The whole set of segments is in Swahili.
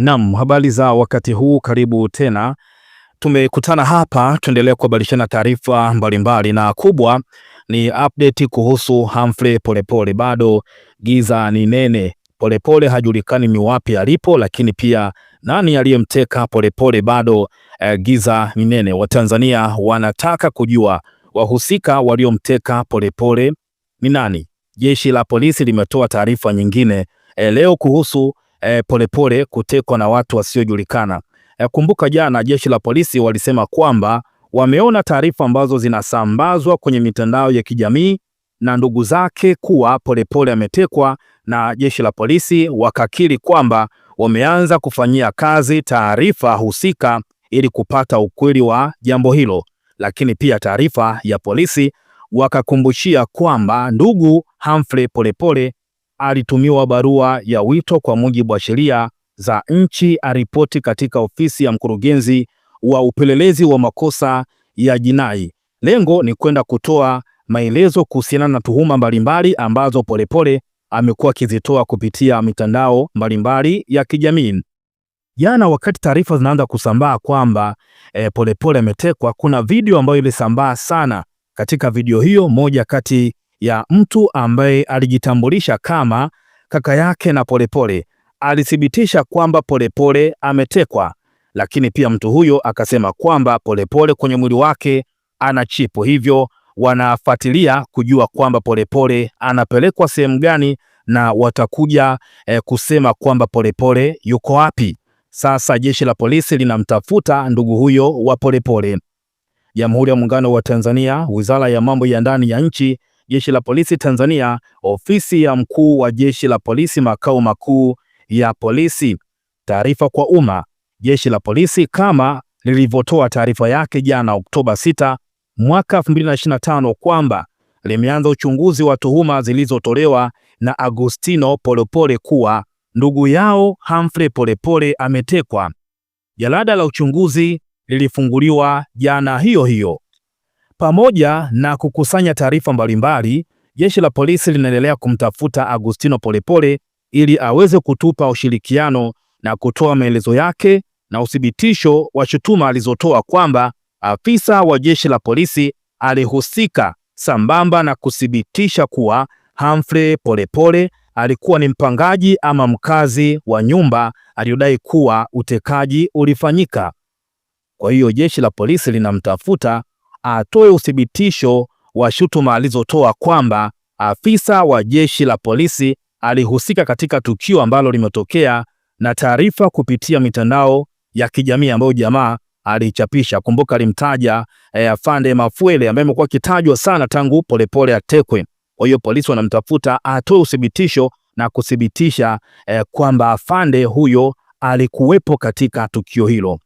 Naam, habari za wakati huu, karibu tena. Tumekutana hapa tuendelea kubadilishana taarifa mbalimbali, na kubwa ni update kuhusu Humphrey Polepole. Bado giza ni nene, Polepole hajulikani ni wapi alipo, lakini pia nani aliyemteka Polepole bado eh, giza ni nene. Watanzania wanataka kujua wahusika waliomteka Polepole ni nani. Jeshi la polisi limetoa taarifa nyingine eh, leo kuhusu Eh, e, Polepole kutekwa na watu wasiojulikana. E, kumbuka jana jeshi la polisi walisema kwamba wameona taarifa ambazo zinasambazwa kwenye mitandao ya kijamii na ndugu zake kuwa Polepole ametekwa na jeshi la polisi, wakakiri kwamba wameanza kufanyia kazi taarifa husika ili kupata ukweli wa jambo hilo, lakini pia taarifa ya polisi wakakumbushia kwamba ndugu Humphrey Polepole alitumiwa barua ya wito kwa mujibu wa sheria za nchi aripoti katika ofisi ya mkurugenzi wa upelelezi wa makosa ya jinai. Lengo ni kwenda kutoa maelezo kuhusiana na tuhuma mbalimbali ambazo Polepole amekuwa akizitoa kupitia mitandao mbalimbali ya kijamii. Jana wakati taarifa zinaanza kusambaa kwamba e, Polepole ametekwa, kuna video ambayo ilisambaa sana. Katika video hiyo, moja kati ya mtu ambaye alijitambulisha kama kaka yake na Polepole alithibitisha kwamba Polepole ametekwa, lakini pia mtu huyo akasema kwamba Polepole kwenye mwili wake ana chipo, hivyo wanafuatilia kujua kwamba Polepole anapelekwa sehemu gani na watakuja eh, kusema kwamba Polepole yuko wapi. Sasa jeshi la polisi linamtafuta ndugu huyo wa Polepole. Jamhuri ya Muungano wa Tanzania, Wizara ya Mambo ya Ndani ya Nchi Jeshi la Polisi Tanzania, ofisi ya mkuu wa jeshi la polisi, makao makuu ya polisi. Taarifa kwa umma. Jeshi la polisi kama lilivyotoa taarifa yake jana Oktoba 6 mwaka 2025 kwamba limeanza uchunguzi wa tuhuma zilizotolewa na Agustino Polepole kuwa ndugu yao Humphrey Polepole ametekwa. Jalada la uchunguzi lilifunguliwa jana hiyo hiyo. Pamoja na kukusanya taarifa mbalimbali, jeshi la polisi linaendelea kumtafuta Agustino Polepole ili aweze kutupa ushirikiano na kutoa maelezo yake na uthibitisho wa shutuma alizotoa kwamba afisa wa jeshi la polisi alihusika, sambamba na kuthibitisha kuwa Humphrey Polepole alikuwa ni mpangaji ama mkazi wa nyumba aliyodai kuwa utekaji ulifanyika. Kwa hiyo jeshi la polisi linamtafuta atoe uthibitisho wa shutuma alizotoa kwamba afisa wa jeshi la polisi alihusika katika tukio ambalo limetokea, na taarifa kupitia mitandao ya kijamii ambayo jamaa alichapisha. Kumbuka alimtaja eh, Afande Mafuele ambaye amekuwa akitajwa sana tangu Polepole atekwe. Kwa hiyo polisi wanamtafuta atoe uthibitisho na kuthibitisha eh, kwamba afande huyo alikuwepo katika tukio hilo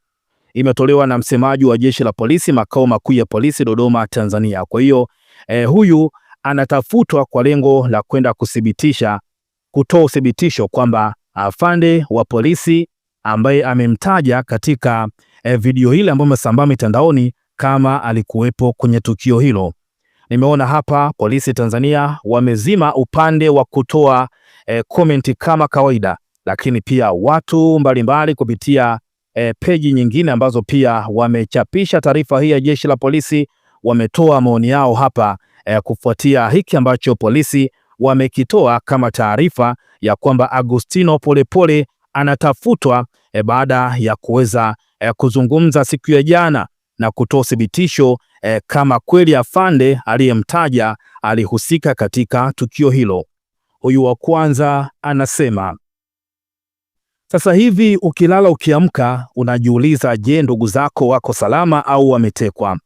imetolewa na msemaji wa jeshi la polisi makao makuu ya polisi Dodoma, Tanzania. Kwa hiyo eh, huyu anatafutwa kwa lengo la kwenda kuthibitisha, kutoa uthibitisho kwamba ah, afande wa polisi ambaye amemtaja katika eh, video ile ambayo imesambaa mitandaoni kama alikuwepo kwenye tukio hilo. Nimeona hapa polisi Tanzania wamezima upande wa kutoa eh, kama kawaida, lakini pia watu mbalimbali kupitia e, eh, peji nyingine ambazo pia wamechapisha taarifa hii ya jeshi la polisi wametoa maoni yao hapa e, kufuatia hiki ambacho polisi wamekitoa kama taarifa ya kwamba Agustino Polepole anatafutwa e, baada ya kuweza e, kuzungumza siku ya jana na kutoa uthibitisho e, kama kweli afande aliyemtaja alihusika katika tukio hilo. Huyu wa kwanza anasema sasa hivi ukilala ukiamka, unajiuliza, je, ndugu zako wako salama au wametekwa?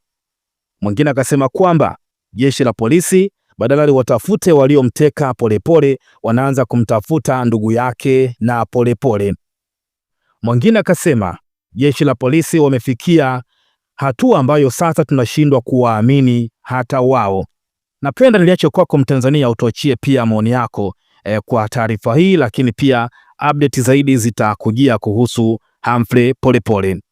Mwingine akasema kwamba jeshi la polisi badala liwatafute waliomteka Polepole, wanaanza kumtafuta ndugu yake na Polepole. Mwingine akasema jeshi la polisi wamefikia hatua ambayo sasa tunashindwa kuwaamini hata wao. Napenda niliache kwako Mtanzania, utochie pia maoni yako eh, kwa taarifa hii, lakini pia update zaidi zitakujia kuhusu Humphrey Polepole.